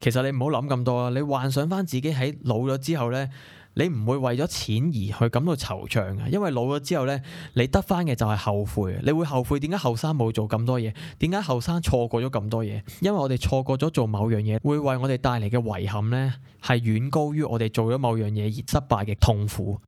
其實你唔好諗咁多啦，你幻想翻自己喺老咗之後呢，你唔會為咗錢而去感到惆悵嘅，因為老咗之後呢，你得翻嘅就係後悔，你會後悔點解後生冇做咁多嘢，點解後生錯過咗咁多嘢，因為我哋錯過咗做某樣嘢，會為我哋帶嚟嘅遺憾呢，係遠高於我哋做咗某樣嘢而失敗嘅痛苦。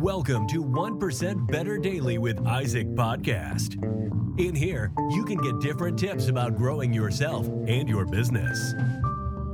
Welcome to One Percent Better Daily with Isaac Podcast. In here, you can get different tips about growing yourself and your business.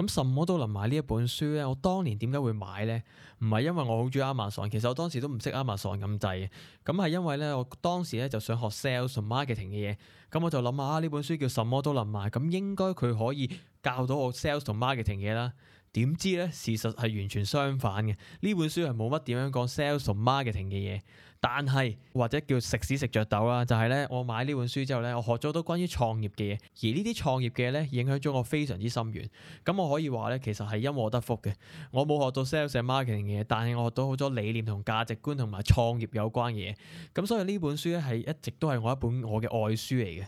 咁什麼都能賣呢一本書咧？我當年點解會買呢？唔係因為我好中意 Amazon，其實我當時都唔識 Amazon 咁滯嘅。咁係因為咧，我當時咧就想學 sales 同 marketing 嘅嘢，咁我就諗下，呢本書叫什麼都能賣，咁應該佢可以教到我 sales 同 marketing 嘅嘢啦。點知咧？事實係完全相反嘅。呢本書係冇乜點樣講 sales 同 marketing 嘅嘢，但係或者叫食屎食着豆啦。就係咧，我買呢本書之後咧，我學咗多關於創業嘅嘢，而呢啲創業嘅嘢咧，影響咗我非常之深遠。咁我可以話咧，其實係因禍得福嘅。我冇學到 sales 同 marketing 嘅嘢，但係我學到好多理念同價值觀同埋創業有關嘅嘢。咁所以呢本書咧係一直都係我一本我嘅愛書嚟嘅。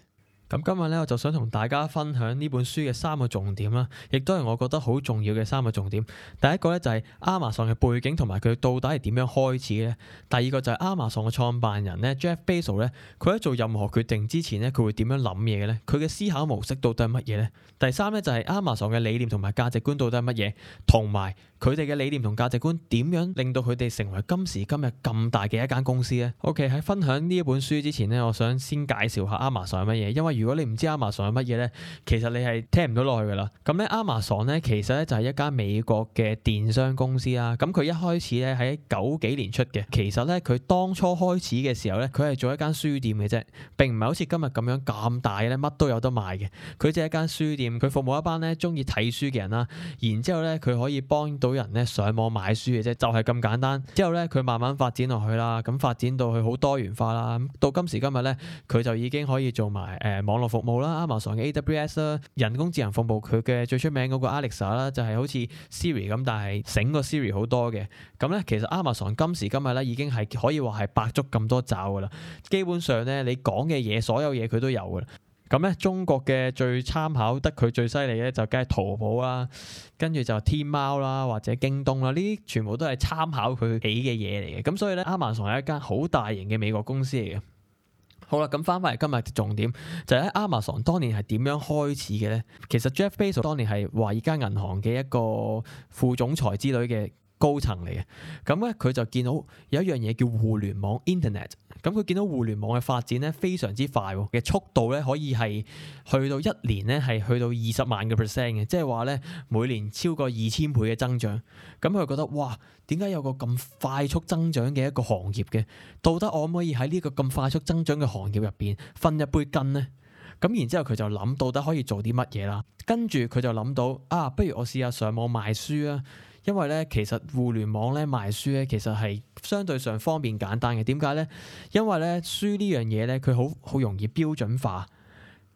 咁今日咧，我就想同大家分享呢本書嘅三個重點啦，亦都係我覺得好重要嘅三個重點。第一個咧就係 Amazon 嘅背景同埋佢到底係點樣開始嘅？第二個就係 Amazon 嘅創辦人咧，Jeff Bezos 咧，佢喺做任何決定之前咧，佢會點樣諗嘢嘅咧？佢嘅思考模式到底係乜嘢咧？第三咧就係 Amazon 嘅理念同埋價值觀到底係乜嘢？同埋。佢哋嘅理念同價值觀點樣令到佢哋成為今時今日咁大嘅一間公司呢？OK，喺分享呢一本書之前呢，我想先介紹下 Amazon 係乜嘢，因為如果你唔知 Amazon 係乜嘢呢，其實你係聽唔到落去噶啦。咁咧，Amazon 咧其實咧就係一間美國嘅電商公司啦。咁佢一開始咧喺九幾年出嘅，其實咧佢當初開始嘅時候咧，佢係做一間書店嘅啫，並唔係好似今日咁樣咁大咧，乜都有得賣嘅。佢就係一間書店，佢服務一班咧中意睇書嘅人啦。然之後咧，佢可以幫到。人咧上網買書嘅啫，就係咁簡單。之後咧，佢慢慢發展落去啦，咁發展到佢好多元化啦。咁到今時今日咧，佢就已經可以做埋誒網絡服務啦，Amazon 嘅 AWS 啦，人工智能服務佢嘅最出名嗰個 Alexa 啦，就係好似 Siri 咁，但係醒個 Siri 好多嘅。咁咧，其實 Amazon 今時今日咧已經係可以話係百足咁多爪噶啦。基本上咧，你講嘅嘢，所有嘢佢都有噶。咁咧，中國嘅最參考得佢最犀利咧，就梗係淘寶啦，跟住就天貓啦，或者京東啦，呢啲全部都係參考佢起嘅嘢嚟嘅。咁所以咧，Amazon 係一間好大型嘅美國公司嚟嘅。好啦，咁翻返嚟今日重點就係、咧、Amazon 當年係點樣開始嘅咧？其實 Jeff Bezos 當年係華爾街銀行嘅一個副總裁之類嘅。高層嚟嘅，咁咧佢就見到有一樣嘢叫互聯網 internet，咁佢見到互聯網嘅發展咧非常之快嘅速度咧可以係去到一年咧係去到二十萬嘅 percent 嘅，即係話咧每年超過二千倍嘅增長。咁佢覺得哇，點解有個咁快速增長嘅一個行業嘅？到底我可唔可以喺呢個咁快速增長嘅行業入邊分一杯羹呢？咁然之後佢就諗，到底可以做啲乜嘢啦？跟住佢就諗到啊，不如我試下上網賣書啊！因為咧，其實互聯網咧賣書咧，其實係相對上方便簡單嘅。點解咧？因為咧書呢樣嘢咧，佢好好容易標準化。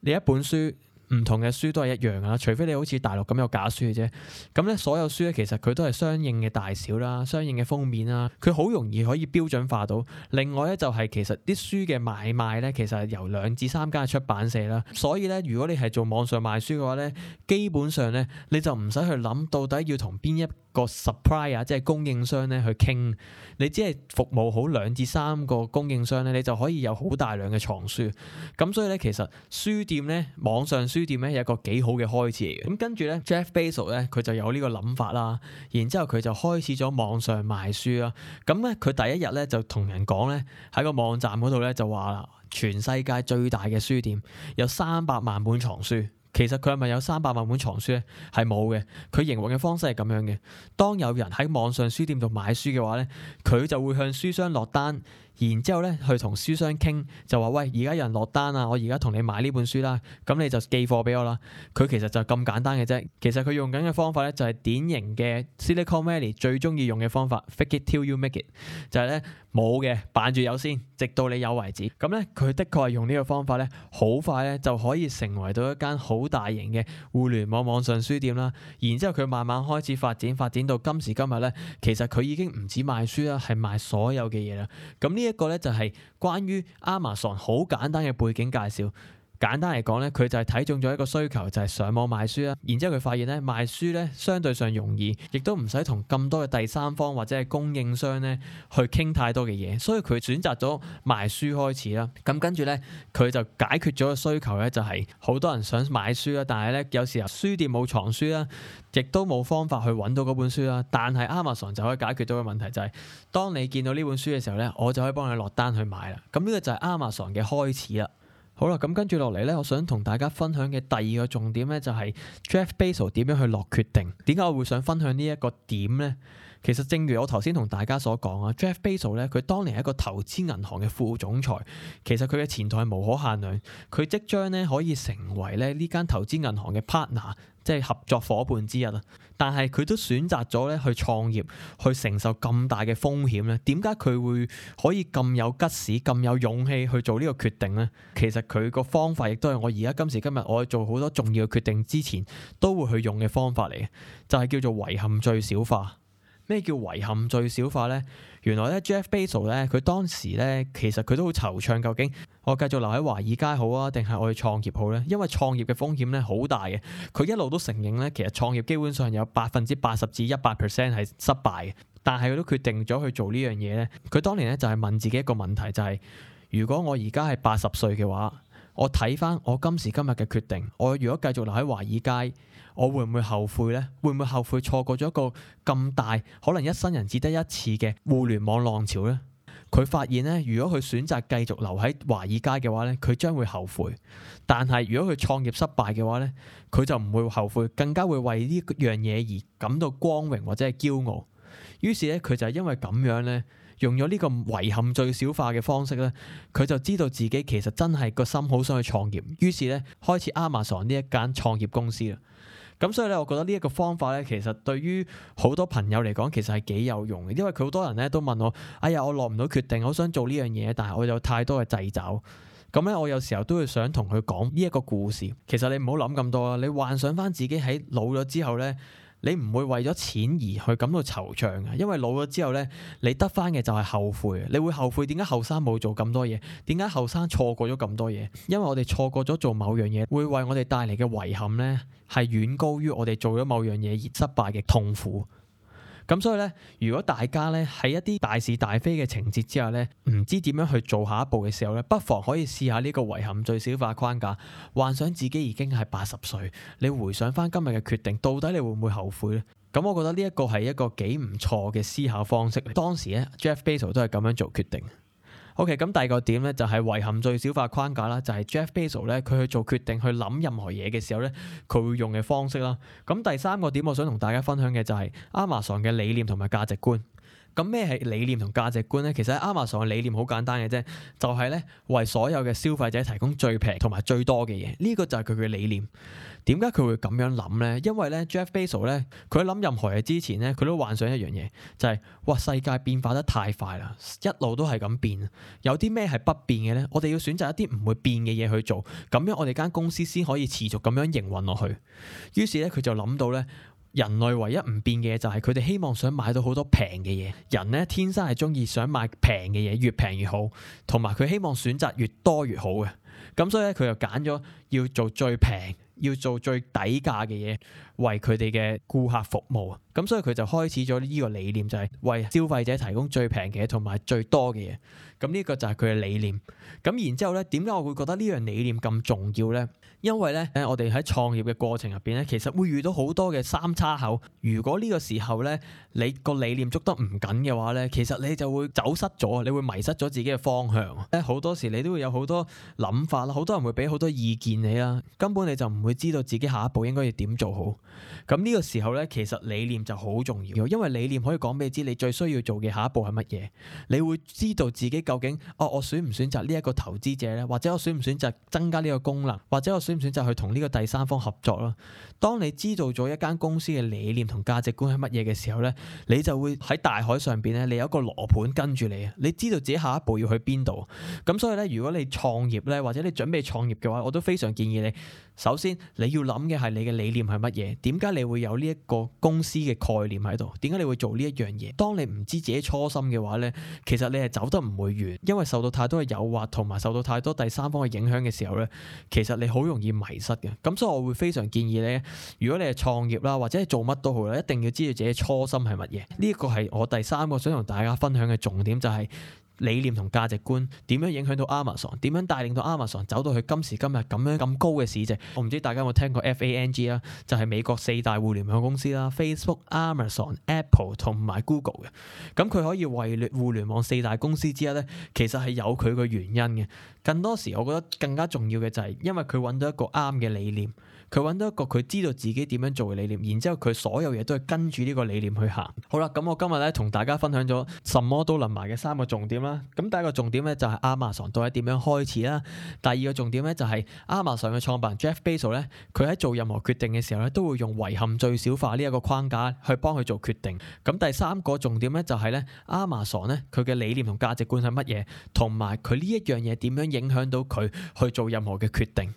你一本書，唔同嘅書都係一樣㗎喇，除非你好似大陸咁有假書嘅啫。咁咧，所有書咧其實佢都係相應嘅大小啦，相應嘅封面啦，佢好容易可以標準化到。另外咧就係其實啲書嘅買賣咧，其實係由兩至三間出版社啦。所以咧，如果你係做網上賣書嘅話咧，基本上咧你就唔使去諗到底要同邊一個 supplier，即係供應商咧去傾，你只係服務好兩至三個供應商咧、就是，你就可以有好大量嘅藏書。咁所以咧，其實書店咧網上，書店咧有一個幾好嘅開始嘅，咁跟住咧 Jeff Bezos 咧佢就有呢個諗法啦，然之後佢就開始咗網上賣書啦，咁咧佢第一日咧就同人講咧喺個網站嗰度咧就話啦，全世界最大嘅書店有三百萬本藏書，其實佢係咪有三百萬本藏書咧？係冇嘅，佢營運嘅方式係咁樣嘅，當有人喺網上書店度買書嘅話咧，佢就會向書商落單。然之後咧，去同書商傾就話：喂，而家有人落單啊，我而家同你買呢本書啦，咁你就寄貨俾我啦。佢其實就咁簡單嘅啫。其實佢用緊嘅方法咧，就係典型嘅 Silicon Valley 最中意用嘅方法：fake it till you make it，就係咧冇嘅扮住有先，直到你有為止。咁、嗯、咧，佢的確係用呢個方法咧，好快咧就可以成為到一間好大型嘅互聯網網上書店啦。然之後佢慢慢開始發展，發展到今時今日咧，其實佢已經唔止賣書啦，係賣所有嘅嘢啦。咁、嗯、呢？一個咧就係關於 Amazon 好簡單嘅背景介紹。簡單嚟講咧，佢就係睇中咗一個需求，就係、是、上網賣書啦。然之後佢發現咧，賣書咧相對上容易，亦都唔使同咁多嘅第三方或者係供應商咧去傾太多嘅嘢，所以佢選擇咗賣書開始啦。咁跟住咧，佢就解決咗個需求咧，就係好多人想買書啦。但係咧，有時候書店冇藏書啦，亦都冇方法去揾到嗰本書啦。但係 Amazon 就可以解決到嘅問題就係、是，當你見到呢本書嘅時候咧，我就可以幫你落單去買啦。咁、這、呢個就係 Amazon 嘅開始啦。好啦，咁跟住落嚟呢，我想同大家分享嘅第二個重點呢，就係 Jeff Bezos 點樣去落決定。點解我會想分享呢一個點呢？其實正如我頭先同大家所講啊，Jeff Bezos 呢，佢當年係一個投資銀行嘅副總裁，其實佢嘅前途無可限量，佢即將呢可以成為咧呢間投資銀行嘅 partner。即係合作伙伴之一啊，但係佢都選擇咗咧去創業，去承受咁大嘅風險咧。點解佢會可以咁有吉士，咁有勇氣去做呢個決定咧？其實佢個方法亦都係我而家今時今日我做好多重要嘅決定之前都會去用嘅方法嚟嘅，就係、是、叫做遺憾最小化。咩叫遺憾最小化呢？原來咧，Jeff Bezos 咧，佢當時咧，其實佢都好惆悵。究竟我繼續留喺華爾街好啊，定係我去創業好呢？因為創業嘅風險咧好大嘅，佢一路都承認咧，其實創業基本上有百分之八十至一百 percent 係失敗嘅。但係佢都決定咗去做呢樣嘢咧。佢當年咧就係問自己一個問題，就係如果我而家係八十歲嘅話。我睇翻我今時今日嘅決定，我如果繼續留喺華爾街，我會唔會後悔呢？會唔會後悔錯過咗一個咁大可能一生人只得一次嘅互聯網浪潮呢？佢發現呢，如果佢選擇繼續留喺華爾街嘅話呢，佢將會後悔；但係如果佢創業失敗嘅話呢，佢就唔會後悔，更加會為呢樣嘢而感到光榮或者係驕傲。於是咧，佢就係因為咁樣呢。用咗呢個遺憾最小化嘅方式呢，佢就知道自己其實真係個心好想去創業，於是呢，開始 Amazon 呢一間創業公司啦。咁所以咧，我覺得呢一個方法呢，其實對於好多朋友嚟講，其實係幾有用嘅，因為佢好多人呢都問我：哎呀，我落唔到決定，好想做呢樣嘢，但係我有太多嘅掣肘。咁呢，我有時候都會想同佢講呢一個故事。其實你唔好諗咁多啦，你幻想翻自己喺老咗之後呢。你唔會為咗錢而去感到惆悵嘅，因為老咗之後呢，你得翻嘅就係後悔。你會後悔點解後生冇做咁多嘢，點解後生錯過咗咁多嘢？因為我哋錯過咗做某樣嘢，會為我哋帶嚟嘅遺憾呢，係遠高於我哋做咗某樣嘢而失敗嘅痛苦。咁所以咧，如果大家咧喺一啲大是大非嘅情節之下咧，唔知點樣去做下一步嘅時候咧，不妨可以試下呢個遺憾最小化框架，幻想自己已經係八十歲，你回想返今日嘅決定，到底你會唔會後悔咧？咁我覺得呢一個係一個幾唔錯嘅思考方式。當時咧，Jeff Bezos 都係咁樣做決定。OK，咁第二個點呢，就係遺憾最小化框架啦，就係 Jeff Bezos 呢，佢去做決定去諗任何嘢嘅時候呢，佢會用嘅方式啦。咁第三個點我想同大家分享嘅就係 Amazon 嘅理念同埋價值觀。咁咩係理念同價值觀咧？其實阿馬遜嘅理念好簡單嘅啫，就係咧為所有嘅消費者提供最平同埋最多嘅嘢。呢個就係佢嘅理念。點解佢會咁樣諗咧？因為咧 Jeff Bezos 咧，佢喺諗任何嘢之前咧，佢都幻想一樣嘢，就係哇世界變化得太快啦，一路都係咁變，有啲咩係不變嘅咧？我哋要選擇一啲唔會變嘅嘢去做，咁樣我哋間公司先可以持續咁樣營運落去。於是咧，佢就諗到咧。人類唯一唔變嘅嘢，就係佢哋希望想買到好多平嘅嘢，人咧天生係中意想買平嘅嘢，越平越好，同埋佢希望選擇越多越好嘅。咁所以咧，佢就揀咗要做最平，要做最底價嘅嘢為佢哋嘅顧客服務。咁所以佢就開始咗呢個理念，就係為消費者提供最平嘅嘢同埋最多嘅嘢。咁呢個就係佢嘅理念。咁然之後咧，點解我會覺得呢樣理念咁重要咧？因為咧，誒我哋喺創業嘅過程入邊咧，其實會遇到好多嘅三叉口。如果呢個時候咧，你個理念捉得唔緊嘅話咧，其實你就會走失咗，你會迷失咗自己嘅方向。誒好多時你都會有好多諗法啦，好多人會俾好多意見你啦，根本你就唔會知道自己下一步應該要點做好。咁呢個時候咧，其實理念就好重要，因為理念可以講俾你知你最需要做嘅下一步係乜嘢，你會知道自己究竟哦，我選唔選擇呢一個投資者咧，或者我選唔選擇增加呢個功能，或者我，選唔選擇去同呢個第三方合作咯。當你知道咗一間公司嘅理念同價值觀係乜嘢嘅時候呢，你就會喺大海上邊咧，你有一個羅盤跟住你啊！你知道自己下一步要去邊度。咁所以咧，如果你創業呢，或者你準備創業嘅話，我都非常建議你，首先你要諗嘅係你嘅理念係乜嘢，點解你會有呢一個公司嘅概念喺度？點解你會做呢一樣嘢？當你唔知自己初心嘅話呢，其實你係走得唔會遠，因為受到太多嘅誘惑，同埋受到太多第三方嘅影響嘅時候呢，其實你好容容易迷失嘅，咁所以我會非常建議咧，如果你係創業啦，或者係做乜都好咧，一定要知道自己初心係乜嘢。呢一個係我第三個想同大家分享嘅重點，就係、是。理念同價值觀點樣影響到 Amazon，點樣帶領到 Amazon 走到去今時今日咁樣咁高嘅市值？我唔知大家有冇聽過 FANG 啦，就係美國四大互聯網公司啦，Facebook、Amazon、Apple 同埋 Google 嘅。咁佢可以位列互聯網四大公司之一咧，其實係有佢個原因嘅。更多時，我覺得更加重要嘅就係因為佢揾到一個啱嘅理念。佢揾到一個佢知道自己點樣做嘅理念，然之後佢所有嘢都係跟住呢個理念去行。好啦，咁我今日咧同大家分享咗什麼都能埋嘅三個重點啦。咁第一個重點咧就係 Amazon 到底點樣開始啦。第二個重點咧就係 Amazon 嘅創辦人 Jeff Bezos 咧，佢喺做任何決定嘅時候咧，都會用遺憾最小化呢一個框架去幫佢做決定。咁第三個重點咧就係咧 Amazon 咧佢嘅理念同價值觀係乜嘢，同埋佢呢一樣嘢點樣影響到佢去做任何嘅決定。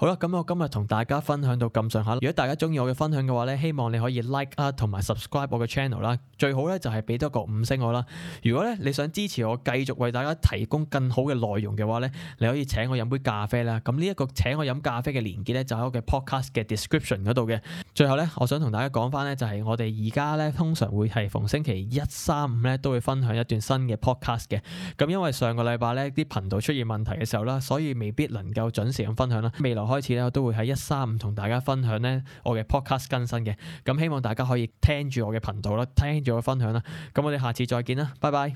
好啦，咁我今日同大家分享到咁上下。如果大家中意我嘅分享嘅話咧，希望你可以 like 啊，同埋 subscribe 我嘅 channel 啦。最好咧就係俾多個五星我啦。如果咧你想支持我繼續為大家提供更好嘅內容嘅話咧，你可以請我飲杯咖啡啦。咁呢一個請我飲咖啡嘅連結咧，就喺我嘅 podcast 嘅 description 嗰度嘅。最後咧，我想同大家講翻咧，就係我哋而家咧通常會係逢星期一、三、五咧都會分享一段新嘅 podcast 嘅。咁因為上個禮拜咧啲頻道出現問題嘅時候啦，所以未必能夠準時咁分享啦。未來開始咧，我都會喺一三五同大家分享咧我嘅 Podcast 更新嘅，咁希望大家可以聽住我嘅頻道啦，聽住我分享啦，咁我哋下次再見啦，拜拜。